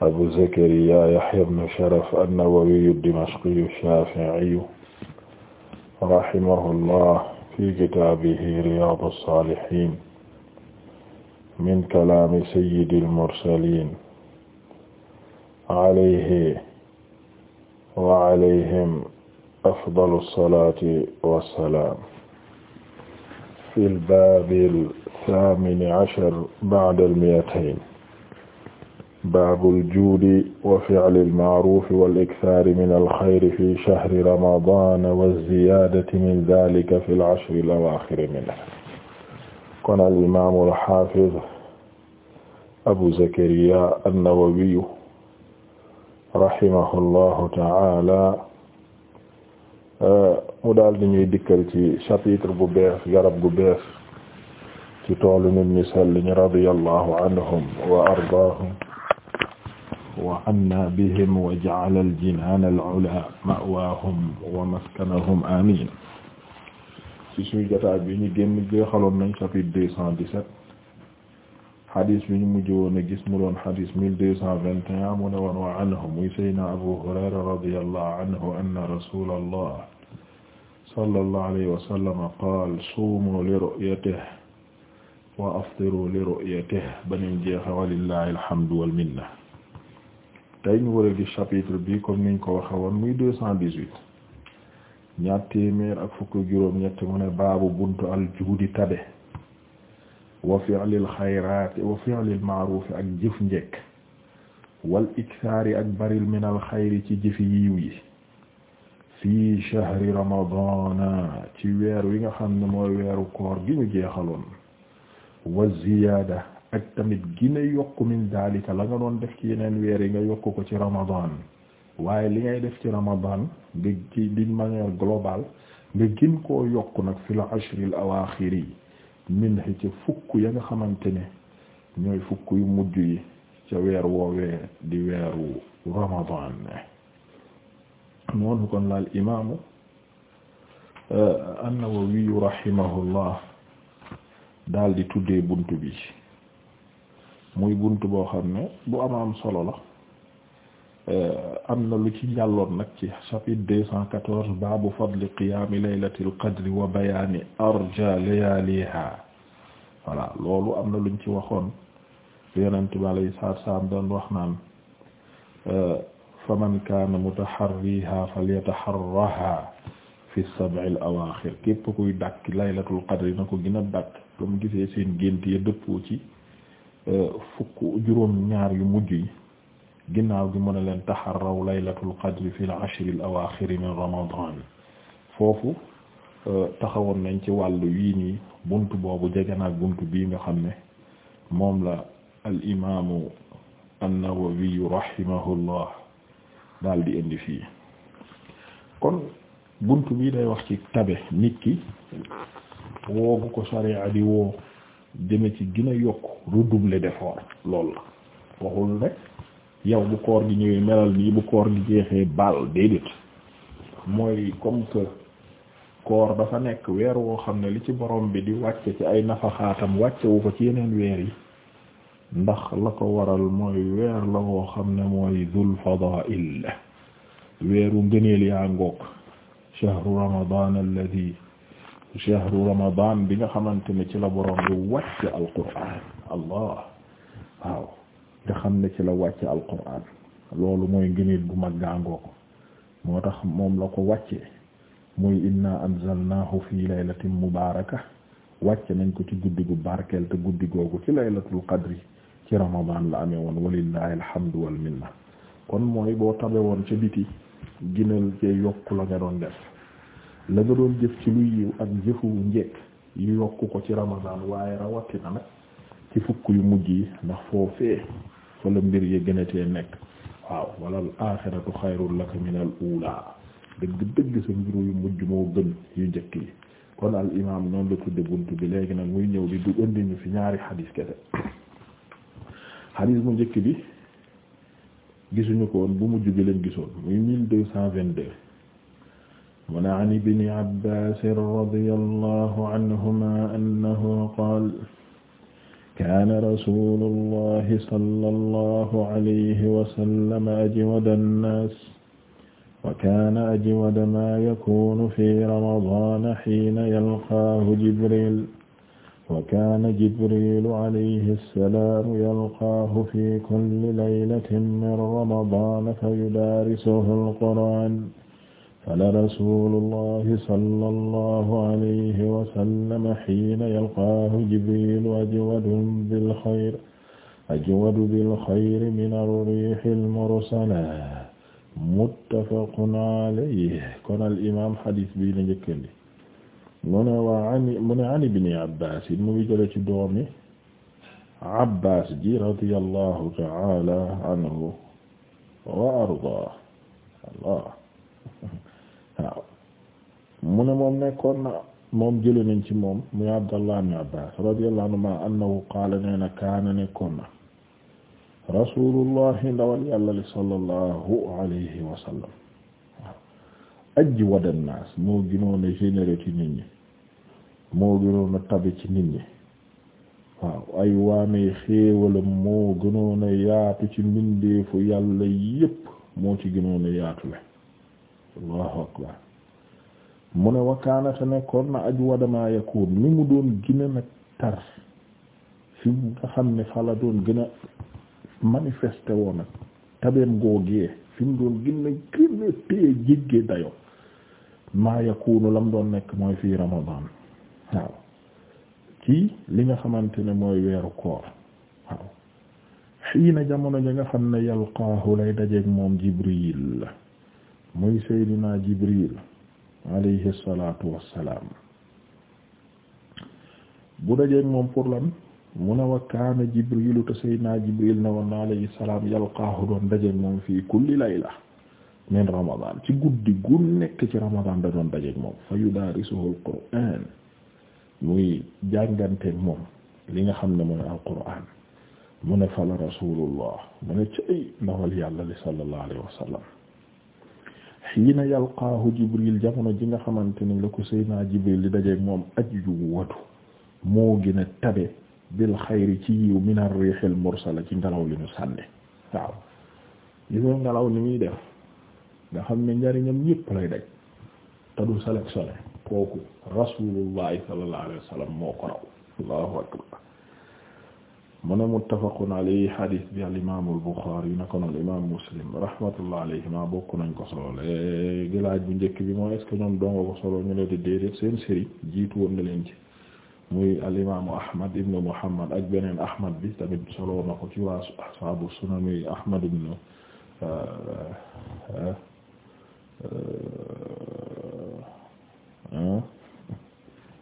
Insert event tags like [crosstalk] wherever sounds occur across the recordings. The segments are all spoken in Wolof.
abu zakariya yahya ibn sharaf an-nawawiyu ad-dimashqiyu ash-shafi'iyu rahimahullah fi kitaabihi riyaadu as-saalihiin min kalaami sayyidil mursaliin alayhi wa alayhim afdalu salaati wa salaam. fil baabil saamini cashar ba'dal miyatayn baabul juudi wa fi'lil ma'ruufi wal iksaari minal xayri fi shahri ramadaana wa ziyaadati min zaalika fil ashril awaaxiri minhu. kon al imaamul haafiz abu zakariya an-nawawiyu rahimahullahu ta'aala mu daal di ñuy dikkal ci chapitre bu bees garab gu bees ci toolu nit ñi sell ñi radiyallahu anhum wa ardaahum wa anna bihim wa ja'ala al-jinaan al-'ulaa ma'waahum wa maskanahum amiin ci suñu jotaay bi ñu génn jeexaloon nañ chapitre deux cent dix-sept xadis bi ñu mujj woon a gis mu doon xadis mille deux cent vingt et un mu ne woon wa anhu muy sayyidina Abu Hurayra radiyallahu anhu anna rasulallah sallallahu alayhi wa sallam qaala suumu li ru'yatihi wa aftiru li ru'yatihi banim jeexe walillahi alhamdu wal minna tey ñu war gis chapitre bi comme niñ ko waxe woon muy deux cent dix-huit ñaar téeméer ak fukk juróom ñett mu ne baabu buntu al tabe wa fi'lil xayraati wa fi'lil ma'ruufi ak jëf njekk wal iksaari ak baril min al xayri ci jëfi yiw yi fii shahri ramadana ci weer wi nga xam ne mooy weeru koor gi ñu jeexaloon wa ziyaada ak tamit gina yokk min daalika la nga doon def ci yeneen weer yi nga yokk ko ci ramadan waaye li ngay def ci ramadan nga ci d'une koo yokk nag fi la ashril awaaxir yi min hi ca fukk ya nga xamante ne ñooy fukk yu mujj yi ca weer woowee di weeru ramadan noonu kon laal imaamu euh, an-Nawawi rahimahullah di tuddee buntu bi muy bunt boo xam ne bu ama am solo la eh, am na lu ci njàlloon nag ci chapitre deux cent quatorze baabu fadli qiyaami laylatil qadri wa bayaani arja layaaliha voilà loolu am na luñ ci waxoon yonent bi alayhi salaatu salaam doon wax naan eh, faman kaana mutaharriha falyataharraha fi sab'il awaaxir képp kuy dàkk laylatul qadri na ko gën a dàkk comme ya dëppoo ci fukk juróom ñaar yu mujj yi ginnaaw gi mu ne leen taxarraw laylatul qadri fil ashril awaaxir min ramadan foofu euh, taxawoon nañ ci wàllu yii nii bunt boobu jege naag bunt bii nga xam ne moom la al imaamu an-Nawawi rahimahullah daal di indi fii kon bunt bii day wax ci tabe nit ki woogu ko sariya di woo jëme ci gën a yokk redoubler d'effort loolu la waxul rek yow bu koor gi ñëwee melal nii bu koor gi jeexee baal déedéet mooy comme que koor dafa nekk weer woo xam ne li ci borom bi di wàcce ci ay nafaxaatam wàccewu ko ci yeneen weer yi ndax la ko waral mooy weer la woo xam ne mooy dul fadaa'il weeru ngëneel yaa ngoog shahru ramadan alladhi shahru ramadan bi nga xamante ne ci la borom bi wàcc alqur'an allah waaw nga xam ne ci la wàcc alqur'an loolu mooy ngëneel bu mag gàngoo ko moo tax moom la ko wàccee muy inna anzalnaahu fi laylatin mubaaraka wàcce nañ ko ci guddi gu barkeel te guddi googu ci laylatul qadri ci ramadan la amee woon walillahi alhamdu wal minna kon mooy boo tabe woon ca biti ginal cee yokku la nga doon def la nga doon jëf ci lu yiw ak jëfu njekk yu yokku ko ci ramadan waaye rawatina nag ci fukk yu mujj yi ndax foofee fa la mbir yi gënatee nekk waaw wala al axiratu xayrul laka min al dëgg dëgg sa mbiru yu mujj moo gën yu njëkk yi kon al imam noonu la tudde bunt bi léegi nag muy ñëw di du indi ñu fi ñaari xadiis kese xadiis bu njëkk bi gisuñu ko woon bu mujj bi lañ gisoon muy mille deux cent vingt-deux mu ne an ibni abbasin radiyallahu anhuma annahu qaal kaana rasulullahi sallallahu alayhi wa sallam ajwada annaas wa kaana ajwada maa yakuunu fi ramadaana hiina yalqaahu jibril wa kaana jibrilu alayhi salaam yalqaahu fi kulli laylatin min ramadaana fa yudaarisuhu alqur'aan قال رسول الله صلى الله عليه وسلم حين يلقاه جبريل أجود بالخير أجود بالخير من الريح المرسلة muttafaqun alayhi kon al imaam hadis bii la njëkkandi mu ne waa ani mu ne an ibni Abbaas it mu ngi jële ci doomi Abbaas ji radiyallahu ta'ala anhu wa ardaa Allah waaw mu ne moom nekkoon na moom jëlee nañ ci moom muy Abdallah ibn Abbas radiyallahu anhuma annahu qaala nee na kaana nekkoon na rasulullah ndawal yàlla li sallallahu alayhi wa sallam waaw ajji moo gënoon a ci nit ñi moo gënoon tabe ci nit ñi waaw ay waamee xéewalam moo gënoon yaatu ci mbindeefu yàlla yépp moo ci gënoon yaatu le allahu akbar mu ne wakaanate nekkoon na ajwada ma yakun ni mu doon gën a nag tar fi mu nga xam ne fa la doon gën a manifesté woon ak tabeem googee fi mu doon gën a gën a dayo maa yakunu lam doon nekk mooy fii ramadan waaw ci li nga xamante ne mooy weeru koor waaw xiina jamono ja nga xam ne yalqaahu lay dajeeg moom jibril muy Seydina Jibril alayhi salaatu wassalaam bu dajeek moom pour la mu ne wa kaana Jibrilu te Seydina Jibril ne woon alayhi salaam yalqaahu doon dajeek moom fii kulli layla min Ramadan ci guddi gu nekk ci Ramadan da doon dajeek moom fa yudaarisuhu al-Qur'aan muy jànganteek moom li nga xam ne mooy al-Qur'aan mu ne fa la Rasulullah mu ne ci ay yàlla li sallallahu alayhi wa xiina yalqaahu jibril jamono ji nga xamante ni la ko seydinaa jibril li dajeek moom ajju watu moo gën a tabe bil xayri ci yiw min ar-rihil mursala ci ngelaw li ñu sànni waaw gis nga ngelaw ni muy def nga xam ne njariñam yépp lay daj te du sélectionné kooku rasuulullahi sallallahu alayhi wasallam moo ko raw allahu akbar mu ne muttafaqun alayhi hadis bi al imam al Bukhari na ko noon imam Muslim rahmatullah alayhima bokk nañ ko solo léegi laaj bu njëkk bi mooy est-ce que ñoom dongo ko solo ñu ne di déedéet seen séri jiitu woon na leen ci muy al imam Ahmad ibn Muhammad ak beneen Ahmad bi tamit solo na ko ci waa ashaabu sunan muy Ahmad ibn euh, euh, euh,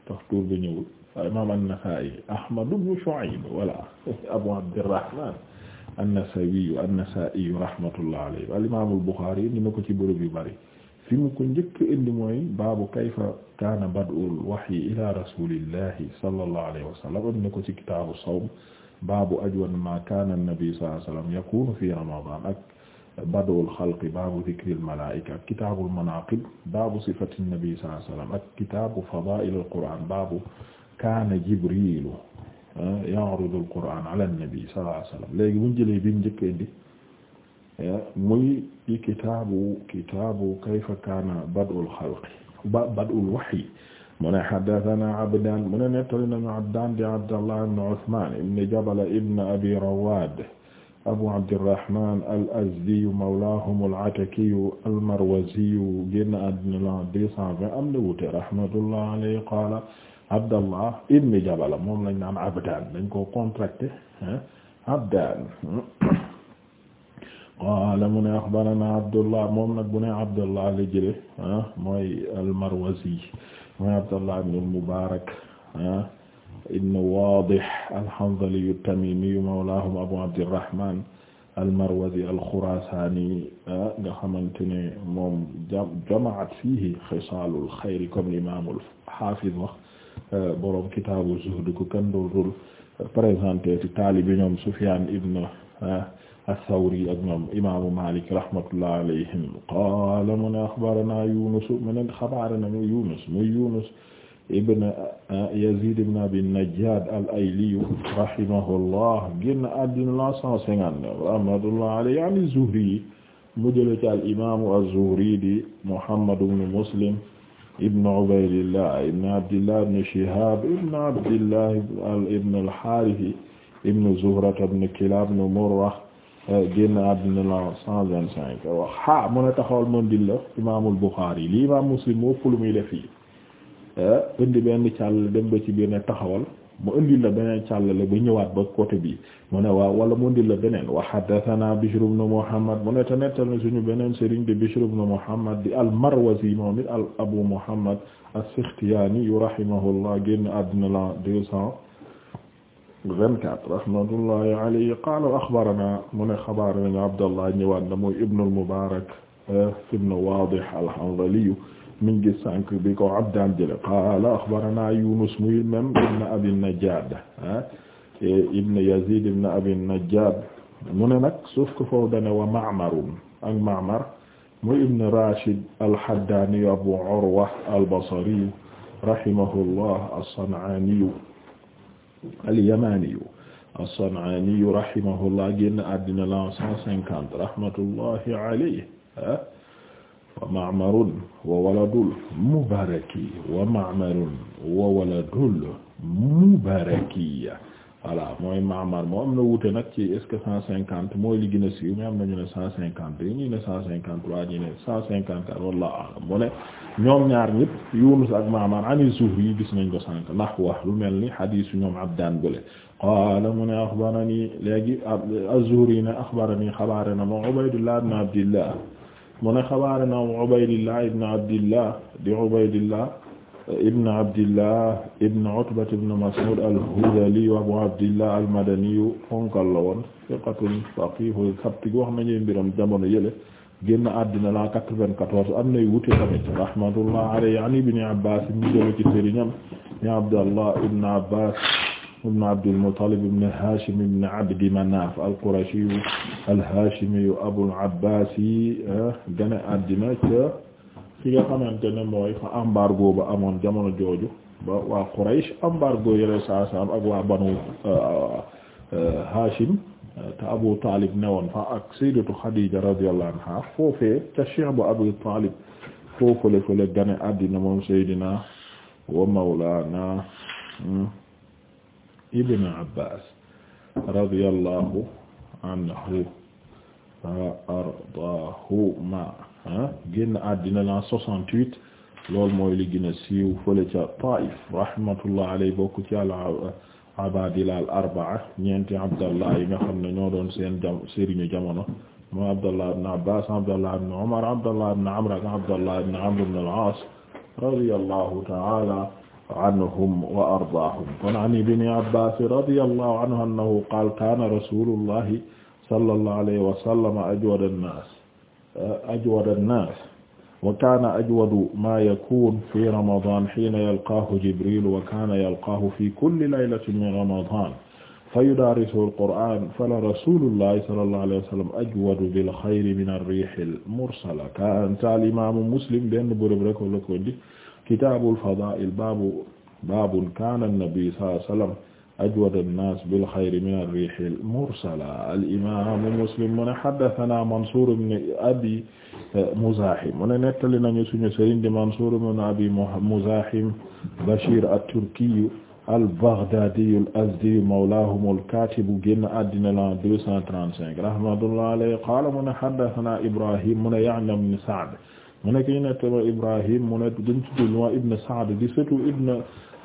tax bi ñëwul imam an-Nasa'i Ahmad ibn Shu'ayb wala [laughs] Abu Abdirrahman an-Nasawi an-Nasa'i rahmatullah alayhi al imam al-Bukhari ni na ko ci bërëb yu bari fi mu ko njëkk indi mooy baabu kayfa kaana bad'ul wahyi ila rasulillahi sallallahu alayhi wa sallam am na ko ci kitaabu sawm baabu ajwan ma kaana an-nabi sallallahu alayhi wa sallam yakunu fi ramadan ak bad'ul xalqi baabu dhikril malaa'ika ak kitaabul manaaqib baabu sifatin nabi sallallahu alayhi wa sallam ak kitaabu fadaa'ilil qur'aan baabu kaana jibrilu ah, ya'rudu al-qur'aan ala an-nabi sallallahu alayhi wa sallam léegi buñ jëlee bi mu njëkk indi ah, muy ci kitaabu kitaabu kayfa kaana bad'ul xalqi bad'ul wahyi mu ne haddathana Abdaan mu ne nettali nañu Abdaan di Abdallah ibn Usmaan ibn Jabala ibn Abi Rawaad Abu Abdirrahmaan al-Azdiyu mawlaahum al-Atakiyu al-Marwaziyu génn àddina la deux cent vingt am na wuute rahmatullahi alayhi qaala Abdallah ibn Jabala moom lañ naan Abdaan dañ ko contracté Abdaan qaala mu ne axbarana Abdullah moom nag bu ne Abdullah la jële mooy al-Marwazi mooy Abdallah ibn al-Mubaarak ibn Waadih al-Hanzali at-Tamimi mawlaahum Abu Abdirrahmaan al-Marwazi al-Khuraasaani nga xamante ne moom jamaat fiihi xisaalul xayri comme l'imam al-Haafiz wax Euh, borom kitaabu zuhd ko kenn dootul présenté ci taalibi ñoom Sufyaan ibn ah, as-Sawri ak ñoom imaamu Maalik rahmatullah alayhim qaala mu ne axbaranaa Yuunus mu ne xabaare nañu Yuunus muy Yuunus ibn ah, Yaziid ibn Abi Najjaad al-Ayli rahimahullah génn àddina la cent cinquante-neuf rahmatullah alayhi an az-Zuhri mu jële ci al-imaamu az-Zuhri di Muhammad ibn Muslim ibn Ubaydillah ibn Abdillah ibn Shihab ibn Abdillah ibn al-Harith ibn Zuhra ibn Kilab ibn Murra eh, génn àddina la cent vingt cinq wax ah mu ne taxawal moom di la imaamul Bukhari li imaam Muslim moo ëpp lu muy def yi eh, indi benn càll dem ba ci biir ne taxawal mu indi la beneen càllale ba ñëwaat ba côté bi mu ne waaw wala mu indi la beneen wa haddathana Bishr ibn Muhammad mu ne te nettal na suñu beneen sëriñ di Bishr ibn Muhammad di al-Marwazi moom it al Abu Muhammad as-Sikhtiyani yu rahimahullah génn àddina la deux cent vingt-quatre rahmatullahi alayhi qala akhbarana mu ne xabaar nañu Abdallah ñëwaat na mooy eh, ibn al-Mubarak ibn Wadih al-Hanzali min gis sànq bi ko abdaan jële qaala axbarana Yunus muy même ibn Abi Najjaad ah, ibn Yazid ibn Abi Najjaad mu ne nag suuf ko foofu dane wa Ma'marun ak Ma'mar muy ibn Rashid al-Haddaani Abu Urwa al-Basri rahimahullah as-San'aani al-Yamaani as-San'aani rahimahullah génn àddina la 150 rahmatullahi alayhi ah. wa Ma'marun wa waladul Mubaraki wa Ma'marun wa waladul Mubaraki voilà mooy Ma'mar moo am na wuute nag ci est-ce que cent cinquante mooy li gën a siiw mais am na ñu ne cent cinquante deux ñu ne cent cinquante trois ñu ne cent cinquante quatre wallahu a'lam mu ne ñoom ñaar ñëpp Yunus ak Ma'mar ani Zuhri yi gis nañ ko sànq ndax wax lu mel ni xadiis ñoom Abdaan bële qaala mu ne axbarani léegi az-Zuhri ne axbarani xabaare na ma Ubaydullah ibn Abdillah mu ne xabaarana Ubaydillah ibn Abdillah di Ubaydillah ibn Abdillah ibn Utbah ibn Mas'ud al-Hudhali wa Abu Abdillah al-Madani fonkal la woon thiqatun faqihul sabt wax nañu mbiram jamono yële génn àddina la 94 am nay wuute tamit rahmatullah alayhi an Ibn Abbas mi jël ci sëriñam ni Abdallah ibn ibn Abdil Muttalib ibn Hashim ibn Abdi Manaf al-Qurashi al-Hashimi Abul Abbas yi ah, gane àddina ca ki nga xamante ne mooy fa embargo ba amoon jamono jooju ba waa Quraysh embargo yore saa saam ak waa banu ah, ah, Hashim te Abu Talib newoon fa ak sayyidatu Khadija radiyallahu anha foofee ca Cheikh bu Abu Talib foofule fële gane àddina moom Seydina wa Mawlana hmm. ibn Abbas radiyallahu anhu wa ardaahuma génn àddina la 68 loolu mooy li gën a siiw fële ca Taif rahmatullah alayhi bokk ci al abadila al arbaa ñeenti Abdallah yi nga xam ne ñoo doon seen jam sëriñu jamono moo Abdallah ibn Abbas Abdallah ibn Umar Abdallah ibn Amr ak Abdallah ibn Amr ibn al-As radiyallahu ta'ala anhum wa ardaahum kon an ibni abbas radiyallahu anhu annahu qaal kaana rasulullahi sallallahu alayhi wa sallam ajwada an-naas ajwada an-naas wa kaana ajwadu maa yakuunu fi ramadaan hiina yalqaahu jibriil wa kaana yalqaahu fi kulli laylatin min ramadaan fayudaarisuhu al-qur'aan fala rasuulullahi sallallahu alayhi wa sallam ajwadu bil khayri mina ar-riihil mursala kaana al-imaamu muslim benn bërëb rek la ko di kitaabul fadaa'il baabu baabun kaana nabi sallallahu alayhi wa sallam ajwada nnaas bil xayri mina riihil mursala al imaamu muslim mu ne haddasanaa Mansuur ibn Abi Muzaahim mu ne nettali nañu suñu sëriñ di Mansuur ibn Abi Muzaahim Bashiir at-Turkiyu al-Baghdaadiyu al-Azdiyu mawlaahum al-kaatibu génn àddina la 235 rahmatullahi alayhi qaala mu ne haddasanaa Ibraahiim mu ne ya'ni ibn Sa'd mu ne kii nettama Ibrahim mu ne dañ ci jël waa Ibn Saad di sëtu Ibn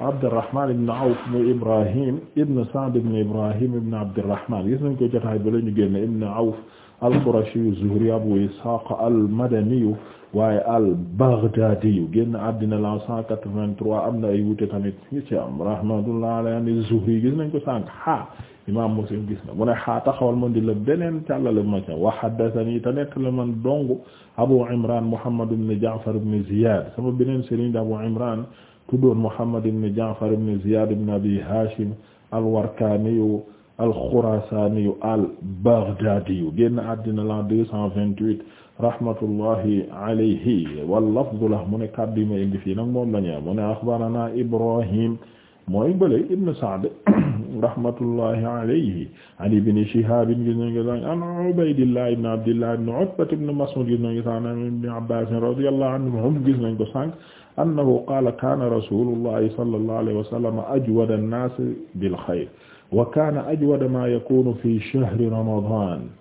Abdurrahman Ibn Awf mu Ibrahim Ibn Saad Ibn Ibrahim Ibn Abdurrahman gis nañ ko jotaay ba la ñu génne Ibn Awf al-Qurashi az-Zuhri Abu Ishaq al-Madani waaye al-Baghdadi génn àddina la 183 am na ay wuute tamit yu ci am rahmatullah alayhi Zuhri gis nañ ko sànq ha Imam Muslim gis na mu ne ha taxawal ma di la beneen càllale ma ca wa haddathani te nekk la man dong Abu Imran Muhammad ibn Ja'far ibn Ziyad sama beneen sëriñ Abu Imran tuddoon Muhammad ibn Ja'far ibn Ziyad ibn Abi Hashim al-Warkani al-Khurasaniyu al-Baghdadiyu génn àddina la 228 rahmatullahi alayhi wal-lafdu lahu mu ne kaddu yi ma indi fii nag moom la ñu mu ne akhbarana Ibrahim mooy bële Ibn Sa'd [coughs] rahmatullahi alayhi an Ibn Shihab gis nañ ko an Ubaydillah ibn Abdillah ibn Utba ibn Mas'ud gis nañ ko sànq an Ibn Abbas radiyallahu anhum gis nañ ko sànq annahu qaala kaana rasulullahi sallallahu alayhi wa sallam ajwada an-naas bil khayr wa kaana ajwada ma yakunu fi shahri ramadan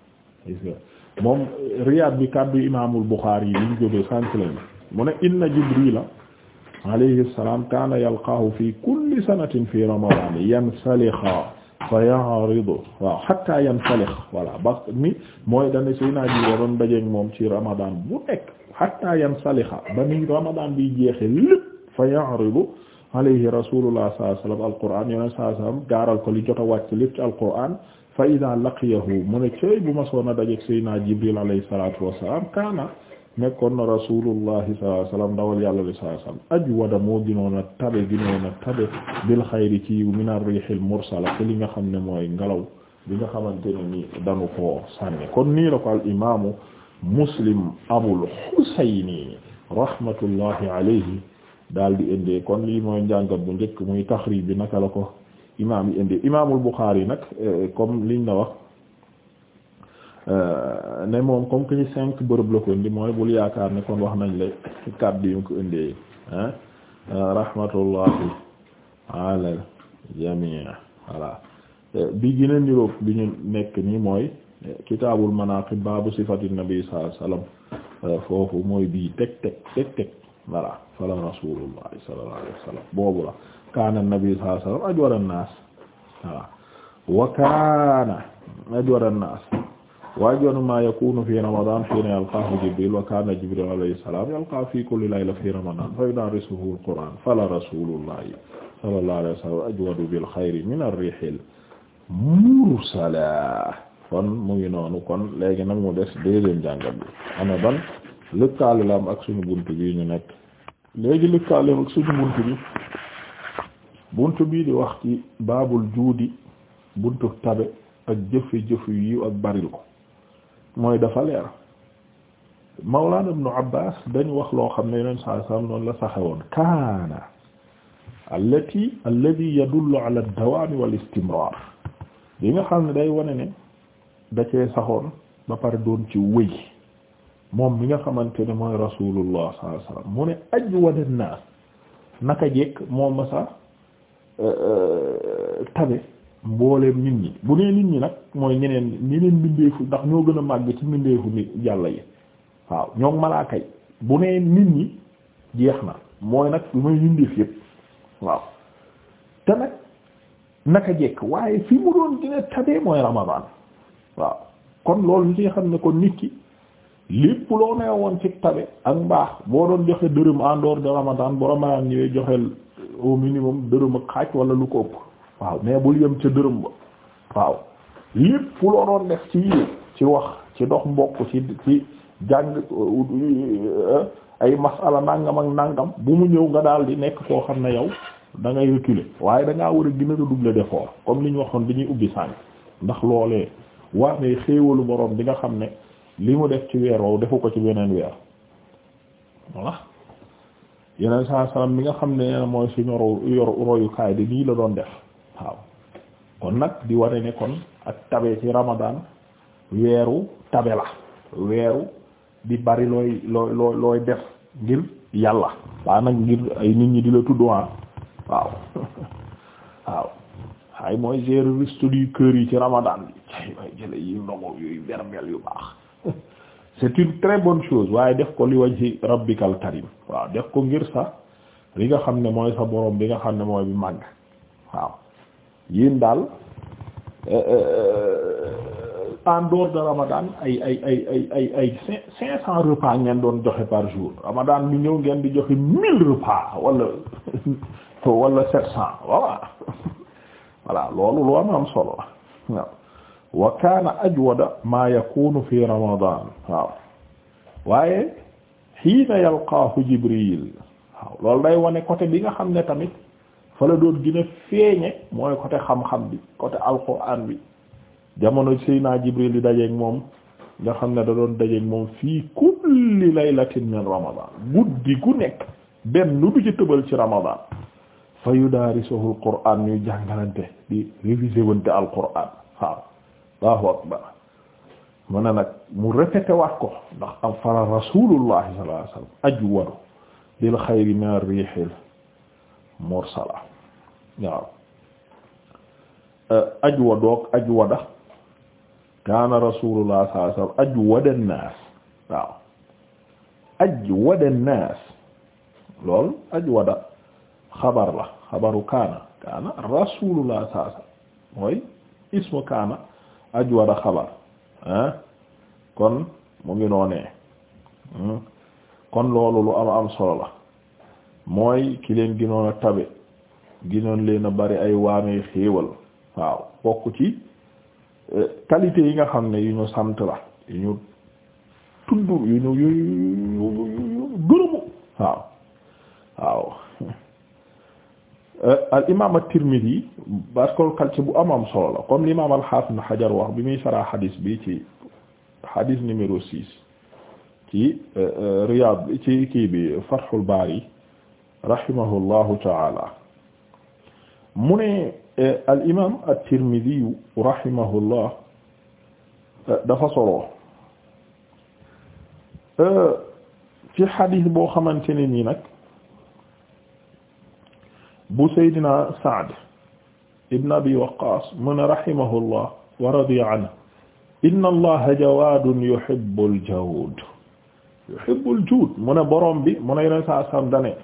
moom Riyad bi kaddu imaamul Bukhari yi ñu jógee sànq leen mu ne inna Jibrila alayhi salaam kaana yalqaahu fi kulli sanatin fi ramadan yansalixa fa ya'ridu waaw hatta yansalix voilà ba ni mooy dañu suy naa ji doon dajeeg moom ci ramadan bu nekk hatta yansalixa ba ni ramadan bi jeexee lépp fa ya'ridu alayhi rasulullah sallallahu alayhi wa sallam alquran yoneen sallallahu alayhi wa sallam gaaral ko li jot a wàcc lépp ci alquran fa ida laqiyahu mu ne cey bu ma soona dajeek Seydina Jibril alayhi salatu wasalam kaana nekkoon na rasulullahi sallallahu alayhi wa sallam ndawal yàlla li sallallahu alayhi wa sallam ajwada moo ginoon a tabe ginoon a tabe bil xayri ci min ar-rihil mursala te li nga xam ne mooy ngelaw bi nga xamante ne ni danu koo sànni kon nii la ko al imaamu Muslim Abul Husayni rahmatullahi alayhi daal di indee kon lii mooy njàngat bu njëkk muy taxrib bi naka la ko imaam yi indee imaamul Bukhari nag eh, comme liñ la wax eh, ne moom comme que cinq bërëb la ko indi mooy bul yaakaar ne kon wax nañ la kàddu yu ko indee ah rahmatullahi ala jamii voilà bi gën a niroog bi ñu nekk nii mooy kitaabul manaqib baabu sifati nabi sallallahu alayhi foofu mooy bii teg teg teg teg. voilà fala rasulullah sallallahu alayhi wa sallam boobu la kaana nabi sallallahu alayhi wa sallam ajwara an-nas voilà wa kaana ajwara an-nas wa ajwaru ma yakunu fi ramadan hina yalqaahu jibril wa kaana jibril alayhi salam yalqaahu fi kulli layla fi ramadan fa yudarrisuhu al-quran fala rasulullah sallallahu alayhi wa sallam ajwadu bil khayri min ar-rihil mursala kon mu ngi noonu kon léegi nag mu des deuxième jàngat bi ana ban lëkkaale la am ak suñu bunt bi ñu nekk léegi lëkkaale ak suñu bunt bi bunt bii di wax baabul juudi buntu tabe ak jëfi jëf yiw ak baril ko mooy dafa leer Mawlana Ibnu Abbaas dañ wax loo xam ne yeneen saa saam noonu la saxe woon kaana allati alladi yadullu ala dawaami wal istimraar yi nga xam ne day wone ne da saxoon ba pare doon ci wëy moom bi nga xamante ne mooy rasulullah sallallahu alayhi wasallam mu ne ajwada naas naka jekk moom ma sa euh, euh, tabe mbooleem nit ñi bu nee nit ñi nag mooy ñeneen ñeneen mbindeefu ndax ñoo gën a màgg ci mbindeefu nit yàlla yi waaw ñoom malaaka yi bu nee nit ñi jeex na mooy nag lu may mbindeef yépp waaw te nag naka jekk waaye fi mu doon dina tabee mooy ramadaan waaw kon loolu ñu ci xam ne kon nit ki lépp loo nee woon ci tabe ak mbaax boo doon joxe dërëm en dehors de Ramadan bu Ramadan ñëwee joxeel au minimum dërëm ak xaaj wala lu ko ëpp waaw mais bul yem ca dërëm ba waaw lépp loo doon def ci yii ci wax ci dox mbokk ci ci jàng eh, ay masala nangam ak nangam bu mu ñëw nga daal di nekk koo xam ne yow da ngay reculer waaye da war a gën a redoubler d'effort comme li ñu waxoon bi ñuy ubbi sànq ndax loolee waa mais xéewalu borom bi nga xam ne. li mu def ci weer woowu defu ko ci beneen weer voilà yeneen saa bi nga xam ne neen mooy suñu yor royukaay di nii la doon def waaw kon nag di wane ne kon ak tabe ci Ramadan weeru tabe la weeru di bari looy looy looy looy def ngir yàlla waa nag ngir ay nit ñi di la tudd ah. waaw [laughs] waaw ay mooy service du cœur yi ci Ramadan bi ay yi ndogo yooyu berbel yu baax c'est une très bonne chose waaye def ko li wajhi rabbikal karim waaw def ko ngir sa li nga xam ne mooy sa borom bi nga xam ne mooy bi mag waaw yéen daal euh, euh, euh, en dehors de Ramadan ay ay ay ay ay ay cinq cinq cents repas ngeen doon joxe par jour Ramadan mi ñëw ngeen di joxe mille repas wala [laughs] wala sept cents voilà [laughs] voilà loolu lu am am solo waaw. wa kaana ajwada maa fi ramadan waaw waaye xiina yalqaahu jibril waaw loolu day wane côté bi nga xam ne tamit fa la doon gën feeñe mooy côté xam-xam bi côté alquran bi jamono si naa Jibril di dajeeg moom nga xam ne da doon dajeeg moom fii kulli laylatin min ramadan guddi gu nekk benn lu du ci tëbal ci ramadan fa yudaarisuhu alquran ñuy jàngalante di réviser wante alquran waaw Allahu akbar mu ne nag mu répété waat ko ndax am fara rasulullah sallallahu alayhi wasallam ajwadu bil xayri min ar-rihil mursala waaw eh, ajwadoog ajwada kaana rasulullah sallallahu alayhi wasallam ajwada an-nas waaw ajwada an-nas lool ajwada xabar la xabaru kaana kaana rasulullah sallallahu alayhi wasallam mooy ismu kaana ajwada xabar ah kon mu ngi noonee hmm? kon loolu lu am am solo la mooy ki leen ginoon a tabe ginoon leen a bari ay waamee xéewal waaw bokk ci eh, qualité yi nga xam ne yu ñu sant la yu ñu tudd yu ñu yu ñu gërëmu waaw waaw Euh, al imaam at-Tirmidhi parce que calce bu am am solo la comme l'imam al-Hafiz Ibn Hajar wax bi muy saraa xadis bi ci xadis numéro six ci euh, euh, Riyad ci kii bi Fathul Bari rahimahullahu ta'ala mu ne al imaam at-Tirmidhi rahimahullah dafa solo ci xadis boo xamante ne nii nag. bu Seydina Saad ibn Abi Waqqas mu ne rahimahullah wa radiya anhu inna allaha jawaadun yuhibbul jawd yuhibbul juud mu ne borom bi mu ne yeneen saa sam dane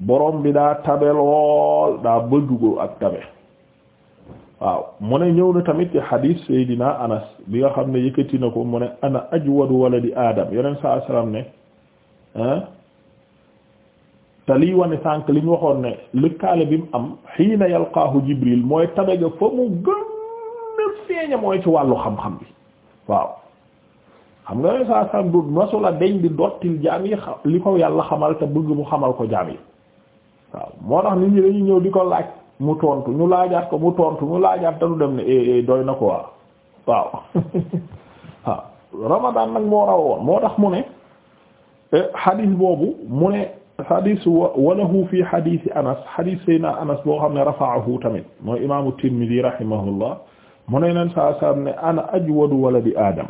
borom bi daa tabe lool daa bëggu ak tabe waaw mu ne ñëw na tamit ci hadith Seydina Anas bi nga xam ne yëkkati na ko mu ne ana ajwadu waladi Adam yeneen saa salaam ne ah te liy wane sànq li ñu waxoon ne lëkkaale bi mu am xiina yalqaahu jibril mooy tabe ga fa mu gën a mooy ci wàllu xam-xam bi waaw xam nga saa sànq du masula deñ di dottil jaam yi li ko yàlla xamal te bëgg mu xamal ko jaam yi waaw moo tax nit ñi lañuy ñëw di ko laaj mu tontu ñu laajaat ko mu tontu ñu laajaat te dem ne eh, eh, doy na ko waaw waaw [laughs] waaw Ramadan nag moo rawoon moo tax mu ne hadith eh, boobu mu ne xadis walahu fi xadisi anas xadis sayna anas boo xam ne rafaahu tamit mooy imaamu tirmidi rahimahullah mu ne neen saa salam ne ana ajwadu waladi aadam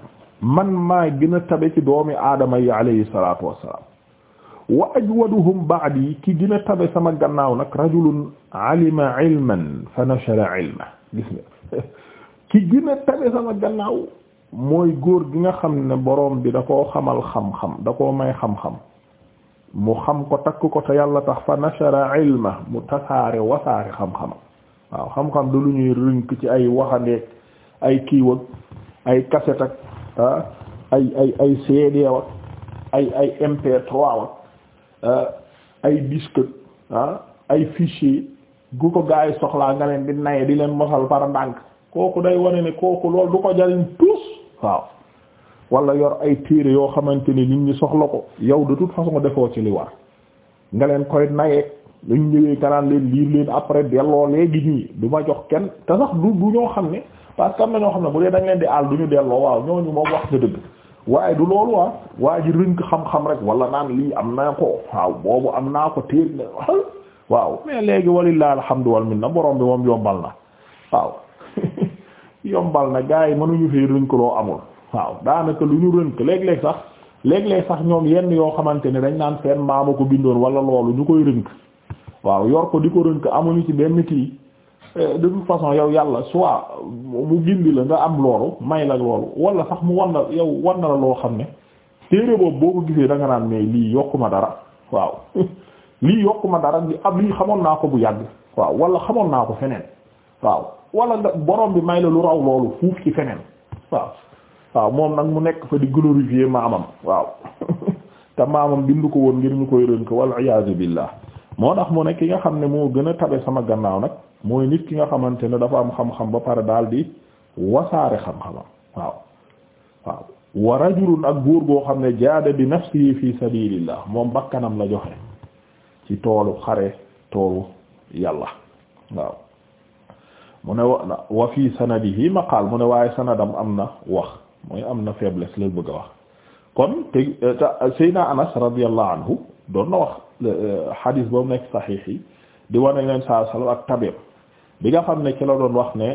man maa gën a tabe ci doomi aadama yi alayhi salatu wassalam wa ajwaduhum ba'di ki gën a tabe sama gannaaw nag rajulun alima ilman fa nashara ilma gis nga [laughs] ki gën a tabe sama gannaaw mooy góor gi nga xam ne boroom bi da koo xamal xam-xam da koo may xam-xam mu xam ko takk ko te yàlla tax fa nashara ilma mu tasaare wasaare xam-xam waaw xam-xam du lu ñuy rënk ci ay waxandeeg ay kiiwag ay cassette ak ah, ay ay ay CD ay ay MP3 ak ah, ay disque ah, ay fichier gu ko gaay soxlaa nga leen di naye di leen mosal par ndànk kooku day wane ne kooku loolu du ko jariñ tous waaw wala yor ay téere yoo xamante ni nit ñi soxla ko yow de toute façon defoo ci li war nga leen koy nayeeg luñ ñëwee kanaan leen liir leen après delloo léegi nii du jox kenn te sax ñoo xam ne parce que am na ñoo xam ne bu dee dañ leen di aal du ñu delloo waaw ñooñu moom wax nga dëgg waaye du loolu ah waa ji rënk xam-xam rek wala naan lii am naa ko waaw boobu am naa ko téer waaw mais léegi walilah alhamdu wal minna borom bi moom yombal na waaw [laughs] yombal na gars yi mënuñu fi rënk loo amul waaw daanaka lu ñu rënk léeg-léeg sax léeg-léeg sax ñoom yenn yoo xamante ne dañ naan seen maama ko bindoon wala loolu ñu koy rënk waaw yor ko di ko rënk amuñu ci benn kii eh, de toute façon yow yàlla soit mu gindi la nga am loolu may la loolu wala sax mu wan na yow wan na la loo xam ne téere boobu boo ko gisee da nga naan mais lii yokkuma dara waaw [laughs] lii yokkuma dara li am lii xamoon naa ko bu yàgg waaw wala xamoon naa ko feneen waaw wala nga borom bi may la lu raw waaw moom nag mu nekk fa di glorifier maamam waaw [laughs] te maamam bindu ko woon ngir ñu koy rënk wal iyaazu billah moo tax mu ne ki nga xam ne moo gën a tabe sama gannaaw nag mooy nit ki nga xamante ne dafa am xam-xam ba pare daal di wasaare xam-xamam waaw waaw wa ak góor goo xam ne jaada bi nafsihi fi sabilillah moom bakkanam la joxe ci toolu xare toolu yàlla waaw mu ne wa wa fi sanadihi maqaal mu ne waaye sanadam am na wax mooy am na faiblesse la bëgg a wax kon te euh, euh, Seydina Anas radiyallahu anhu doon na wax euh, xadis boobu nekk saxiix yi di wane leen saa salaam ak tabeem bi nga xam ne ci la doon wax ne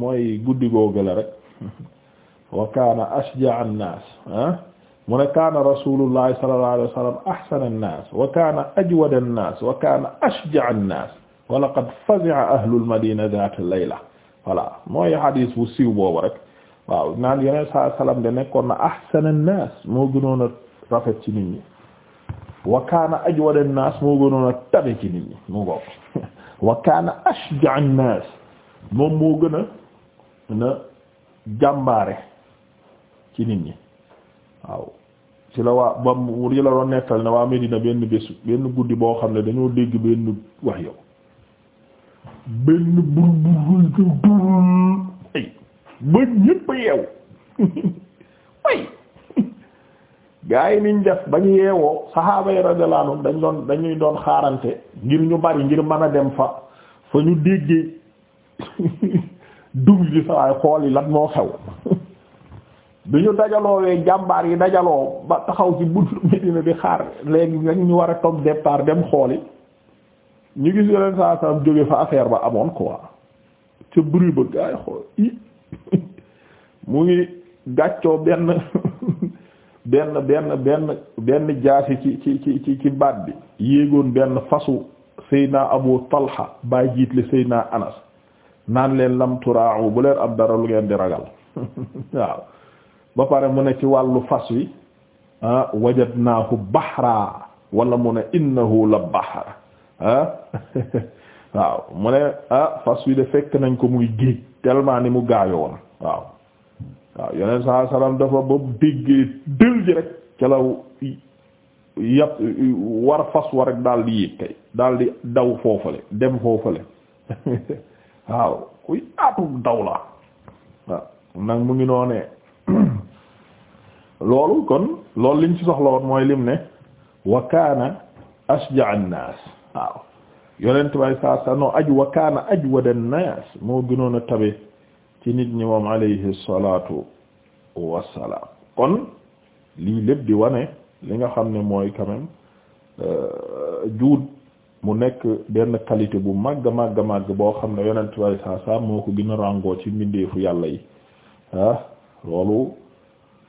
mooy guddi googu la rek [laughs] wa kaana ashja'a an-naas ah? mu ne kaana rasuulullahi sallallahu alayhi wa sallam ahsana an-naas wa kaana ajwada an-naas wa kaana ashja'a an-naas wa laqad fazi'a ahlul madiina dhaata layla voilà mooy xadis bu siiw boobu rek. waaw naan yeneen saa salaam de nekkoon na ahsana naas moo gënoon a rafet ci nit ñi wa kaana ajwada naas moo nit mu ngoog [laughs] wa kaana moom moo gën a na jàmbaare ci nit ñi waaw ci la waa ba mu la doon nettal ne waa Medina benn bés benn guddi boo xam ne dañoo dégg benn wax yow benn bur bur ba ñëpp yeewu way gaa yi niñ def ba ñu yeewoo saxaaba yi dañ doon dañuy doon xaarante ngir ñu bari ngir mën a dem fa fa ñu déggee [laughs] dugg di sawaay xool yi lan moo xew bi ñu dajaloowee jàmbaar yi dajaloo ba taxaw ci buntu Medina bi xaar léegi nga ñu war a toog départ dem xooli ñu gis yeneen saa saa jóge fa affaire ba amoon quoi ca bruit ba gaa yi xool mu ngi gàccoo benn [laughs] benn benn benn benn jaasi ci ci ci ci ci baat bi yéegoon benn fasu Seydina Abu Talha bàyyi jiitle Seydina Anas naan leen lam turaawu bu leen ab dara lu ngeen di ragal [laughs] waaw ba pare mu ne ci wàllu fas wi ah, wajadnaahu bahra wala mu ne innahu la bahra ah. [laughs] waaw mu ne ah fas wi de fekk nañ ko muy géej tellement ni mu gaayo waaw waaw yeneen saa salaam dafa ba déggee dël ji rek ca la yàpp war fas wa rek daal di yéeg kay daal di daw foofale dem foofale [laughs] waaw ku yaatu daw la waaw nag mu ngi noonee [clears throat] loolu kon loolu liñ ci soxla woon mooy lim ne wa kaana ashja an-naas waaw yonent bay sa no aj wa kaana ajwad moo gënoon tabe ci nit ñi moom alayhi salaatu wassalaam kon lii lépp di wane li nga xam ne mooy quand même euh, mu nekk benn qualité bu màgg màgg màgg boo xam ne yonent way saa saa moo ko gën ràngoo ci mbindeefu yàlla yi ah, loolu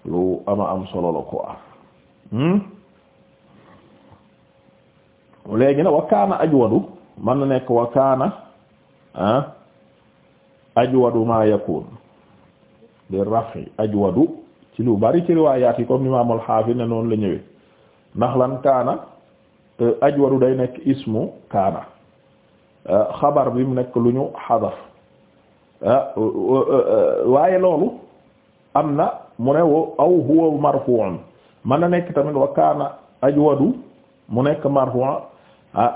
lu ama am solo la quoi hmm? léegi nag wa kaana ajwadu man na nekk wa kaana ah, ajwadu ma yakun li rafi ajwadu ci lu bari ci riwaayaat yi comme imaam al-Hafiz ne noonu la ñëwee ndax lan kaana ajwadu day nekk ismu kaana xabar bi mu nekk lu ñu xadaf waaye loolu am na mu ne wo aw huwa marfu'un mën na nekk tamit wa kaana ajwadu mu nekk marfu'un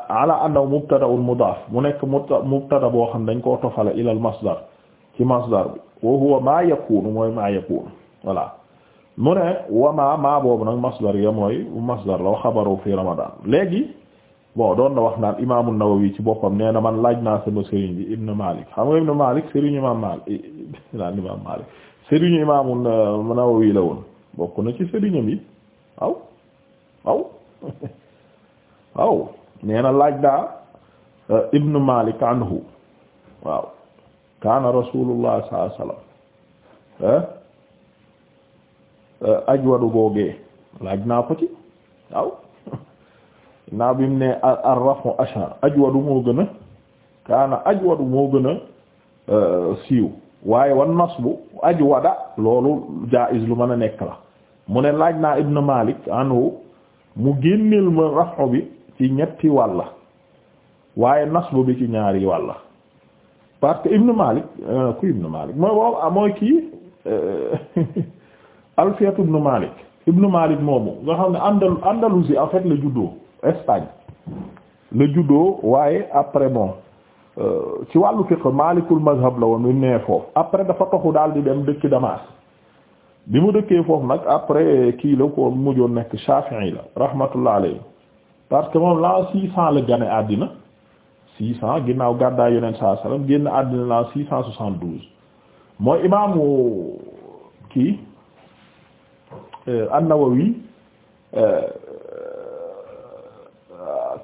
ala annahu mubtada'un mudaaf mu mu nekk mubtada boo xam dañ koo tofale ilal masdar ci masdar bi wa huwa maa yakunu mooy maa yakunu voilà mu ne wa maa boobu nag masdar ya mooy masdar la xabaru fi ramadan léegi bon doon na wax naan imaamu Nawawi ci boppam nee man laaj naa sama sëriñ bi Ibn Malik xam nga Ibn Malik sëriñu imaam Malik eh, eh, naan eh, la woon bokk na ci sëriñam yi aw aw aw nee na laaj daa Ibn Malik anhu waaw kaana rasulullah sallallahu alayhi wasallam eh, eh, ajwadu googee laaj naa ko ci waaw [laughs] naa bi mu ne ar-rafu ashar ajwadu moo gën a kaana ajwadu moo gën a eh, siiw waaye wan nasbu ajwada loolu jaiz lu mën a nekk la mu ne laaj naa ibn malik anhu mu génneel ma rafu bi ci ñetti wàlla waaye nasbu bi ci ñaari wàlla parce que Ibn Malik euh, ku ah, mooy kii euh, Alfiyat Ibn Malik Ibn Malik moomu nga xam ne Andal Andalousie en fait la juddoo Espagne la juddoo waaye après bon euh, ci wàllu fiqh Malikul mazhab la woon mu nee foofu après dafa toxu daal di dem dëkk Damas bi mu dëkkee foofu nag après kii la ko mujjoon nekk Shafi'i la rahmatullah alayhi parce que moom la gane àddina six cent ginnaaw gàddaay yonent saa sallam génn àddina la six cent soixante douze mooy imaamu kii euh, an-Nawawi euh,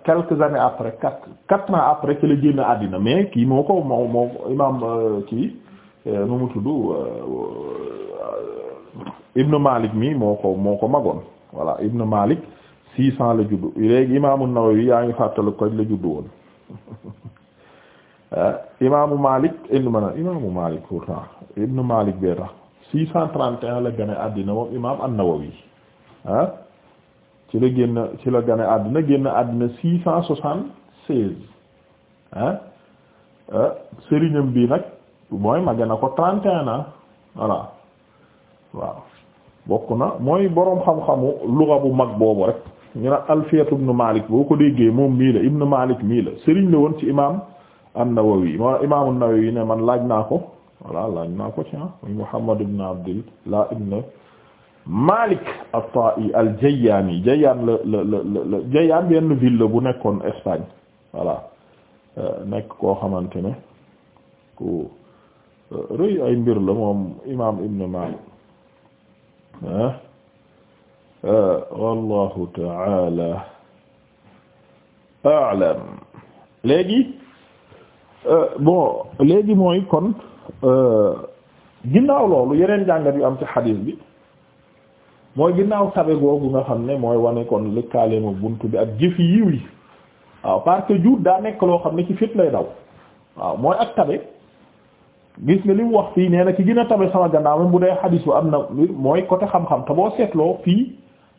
quelques années après quatre quatre ans après que la génn àddina mais kii moo ko moo moo imaam euh, kii nu mu tudd Ibn Malik mi moo ko moo ko magoon voilà Ibn Malik six cent la juddu léegi imaamu Nawawi yaa ngi fàttali ko la juddu woon [laughs] Euh, imaamu Malik indi ma naan imaamu Malik pourtant ibnu Malik bee tax 631 la gane àddina moom imaam an-Nawawi ah ci la génn ci la gane àddina génn àddina 676 ah euh, sëriñam bi nag mooy màgg na ko 31 ans voilà waaw bokk na mooy borom xam-xamu luga bu mag boobu rek. ñu ne Alfiyatu ibnu Malik boo ko déggee moom mii la Malik mii la sëriñ la woon ci imaam an-Nawawi moo imaam nawawi ne man laaj naa ko voilà laaj naa ko ci ah Muhammad ibn Abdillah ibn Malik al-Jayyani Jayyan la la la la Jayyan benn bu nekkoon Espagne voilà euh, nekk koo xamante ne ku euh, rëy ay mbir la moom imaam ibnu Malik ah. Euh, wallahu taala a'lam léegi euh, bon léegi mooy kon euh, ginnaaw loolu yeneen jàngat yu am ci xadiis bi mooy ginnaaw tabe googu nga xam ne mooy wane kon lëkkaale ma bunt bi ak jëfi yiw yi waaw parce que juut daa nekk loo xam ne ci fit lay daw waaw mooy ak tabe gis nga li mu wax fii nee na ki gën a tabe sama gannaaw même bu dee xadiis bu am na mooy côté xam-xam te seetloo fii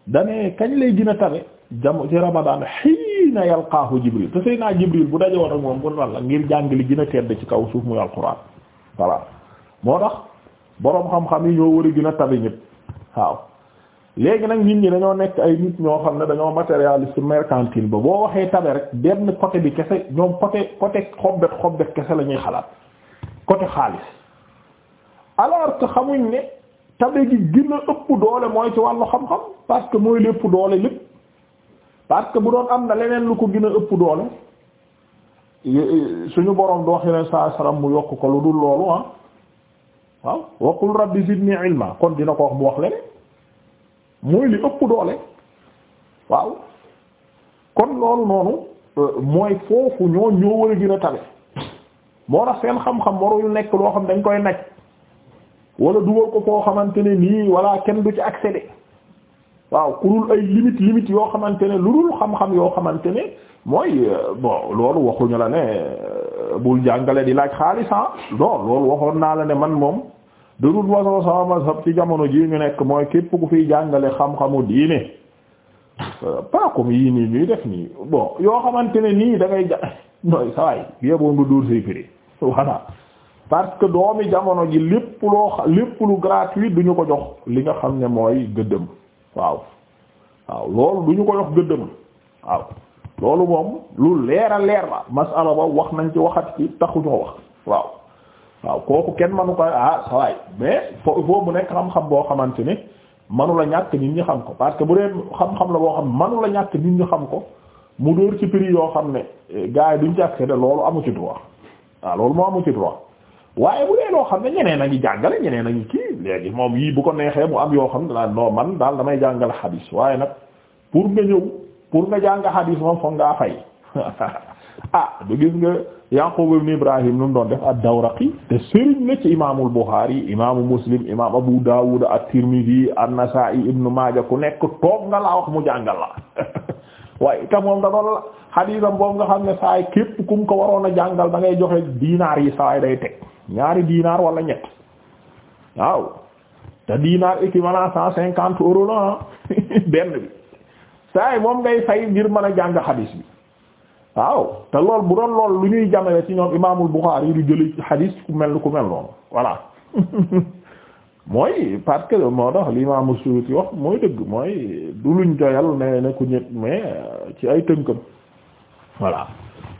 dane kañ lay gën a tabe jam ci ramadan xiina yalqaahu jibril te sëy naa jibril bu dajowoon ak moom bu la ngir jàng li gën a tedd ci kaw suuf muy alquran voilà moo tax boroom xam-xam yi ñoo war a gën a tabe ñëpp waaw léegi nag nit ñi dañoo nekk ay nit ñoo xam ne dañoo matérialiste mercantile ba boo waxee tabe rek benn côté bi kese ñoom côté côté xobbet xobbet kese la ñuy xalaat côté xaalis alors que xamuñ ne tabe gi gën ëpp doole mooy ci wàllu xam-xam parce que mooy lépp doole lépp parce que bu doon am na leneen lu ko gën a ëpp doole suñu boroom du wax yeneen saa salaam mu yokk ko lu dul loolu ah waaw waqul rabbi zidni ilma kon dina ko wax mu wax leneen mooy li ëpp doole waaw kon loolu noonu euh, mooy foofu ñoo ñoo war a gën a tabe moo tax seen xam-xam warul nekk loo xam dañ koy naj wala dugal ko foo xamante ne nii wala kenn du ci accéder waaw kurul ay limite limite yoo xamante ne lu dul xam-xam yoo xamante ne mooy euh, bon loolu waxuñu la ne euh, bul jàngale di laaj xaalis ah loolu waxoon naa la ne man moom de toute façon sama mazhab ci jamono jii ñu nekk mooy képp ku fiy jàngale xam-xamu diine euh, pas comme yii nii ñuy def nii bon yoo xamante ne nii da ngay ja nooy saa waay dóor say prix voilà. parce que doomi jamono ji lépp loo lépp lu gratuit du ñu ko jox li nga xam ne mooy gëddëm waaw waaw loolu du ñu ko jox gëddëm waaw loolu moom lu leer a leer la masala ba wax nañ ci waxat ci taxuñoo wax waaw waaw kooku kenn manu ko ah sawaay mais fo foo mu nekk xam-xam boo xamante ni manu la ñàkk nit ñi xam ko parce que bu dee xam-xam la boo xam manu la ñàkk nit ñi xam ko mu dóor ci prix yoo xam ne eh, gars yi duñ ci accéder loolu amu ci droit loolu moo amu ci droit waaye bu dee xam ne ñeneen a ngi jàngale ñeneen a ngi kii léegi moom yii bu ko neexee mu am yoo xam ne daal man daal damay jàngale xadis waaye nag pour nga ñëw pour nga jàng xadis moom foog ngaa fay [laughs] ah du gis nga Yaqub ibn Ibrahim lu doon def ad-Dawraqi te sëriñ la ci imaamul Bukhari imaamu Muslim imaam Abu Dawud at-Tirmidhi an ibn Maaja ku nekk toog nga laa wax mu jàngal la [laughs] waaye te moom da doon xadiisam boobu nga xam ne saay képp kum ko waroon a jàngal da ngay joxe diinaar yi saay day teg ñaari diinaar wala ñett waaw te diinaar équivalent cent cinquante euros la [laughs] benn bi saay moom ngay fay ngir mën a jàng xadiis bi waaw te lool bu doon lool lu ñuy jamale ci ñoom imaamul Buxaari yi du jëli xadiis ku mel ku mel noonu voilà [laughs] mooy parce que moo tax ma Imam Suyuti wax mooy dëgg mooy du luñ joyal ne ne ku ñëpp mais euh, ci ay tënkam voilà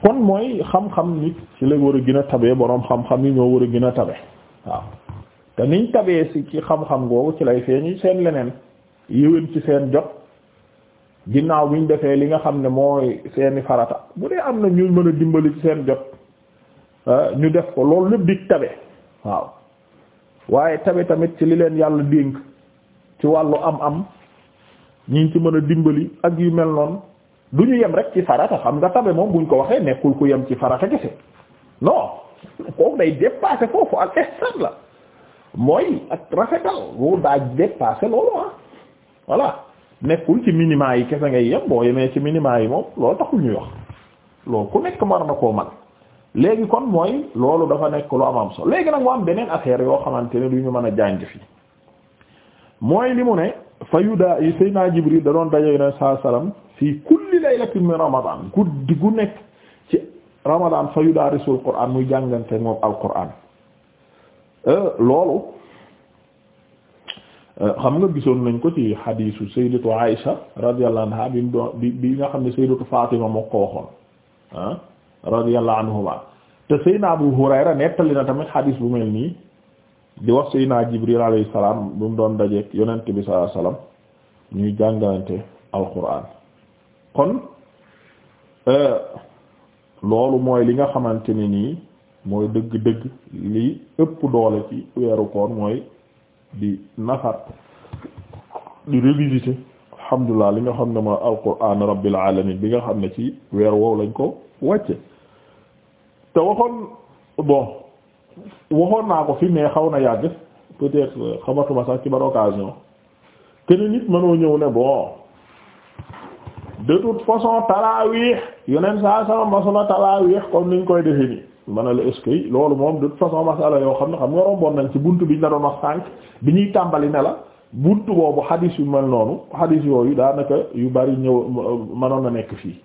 kon mooy xam-xam nit ci la war a gën a tabee boroom xam-xam yi ñoo war a gën a tabe waaw te niñ tabee si ci xam-xam googu ci lay feeñ seen leneen yéwén ci seen jot ginnaaw bi ñu defee li nga xam ne mooy seeni farata bu dee am na ñu mën a dimbali ci seen jot euh, ñu def ko loolu lépp di tabe waaw waaye tabe tamit ci li leen yàlla dénk ci wàllu am-am ñi ci mën a dimbali ak yu mel noonu du ñu yem rek ci farata xam nga tabe moom buñ ko waxee nekkul ku yem ci farata kese non kooku day dépasser foofu ak ihsan la mooy ak rafetal loolu daa dépasser loolu ah voilà nekkul ci minima yi kese ngay yem boo yemee ci minima yi moom loolu taxul ñuy wax loolu ku nekk war koo man léegi kon mooy loolu dafa nekk lu am am solo léegi nag mu am beneen affaire yoo xamante ne du ñu mën a jàng fi mooy li mu ne fa yuda yi Seydina Jibril da doon daje Yonent saa salaam fii kulli laylatin min Ramadan guddi gu nekk ci Ramadan fa yuda risul Qur'an muy jàngante moom Al-Qur'an loolu xam nga gisoon nañ ko ci xadiisu Sayyidatu Aïsha radiyallahu anha bi mu doon bi nga xam ne Sayyidatu Fatima moo ko waxoon ah. radiyallahu anhuma te Seydina Abu Hurayra nettali na tamit xadiis bu mel nii di wax Seydina Jibril alayhi salaam bu mu doon dajeek yonent bi sallallahu alayhi ñuy jàngalante alquran kon euh, loolu mooy li nga xamante ne nii mooy dëgg-dëgg li ëpp doole ci weeru koor mooy di nafar di revisiter alhamdulilah li nga xam ne mooy alquran rabbil alamin bi nga xam ne ci weer wow lañ ko wàcce te waxoon bon waxoon naa ko fi mais xaw na yàgg peut-être euh, xamatuma sax ci ban occasion kenn nit mënoo ñëw ne bon de toute façon talaawiix yeneen saa sama masala talaawiix comme niñ koy defee nii ma ne la est loolu moom de toute façon masala yoo xam ne xam nga romboon nañ ci buntu biñ la doon wax sànq bi ñuy tàmbali ne la bunt boobu xadiis yu mel noonu xadiis yooyu daanaka yu bari ñëw mënoon na nekk fii.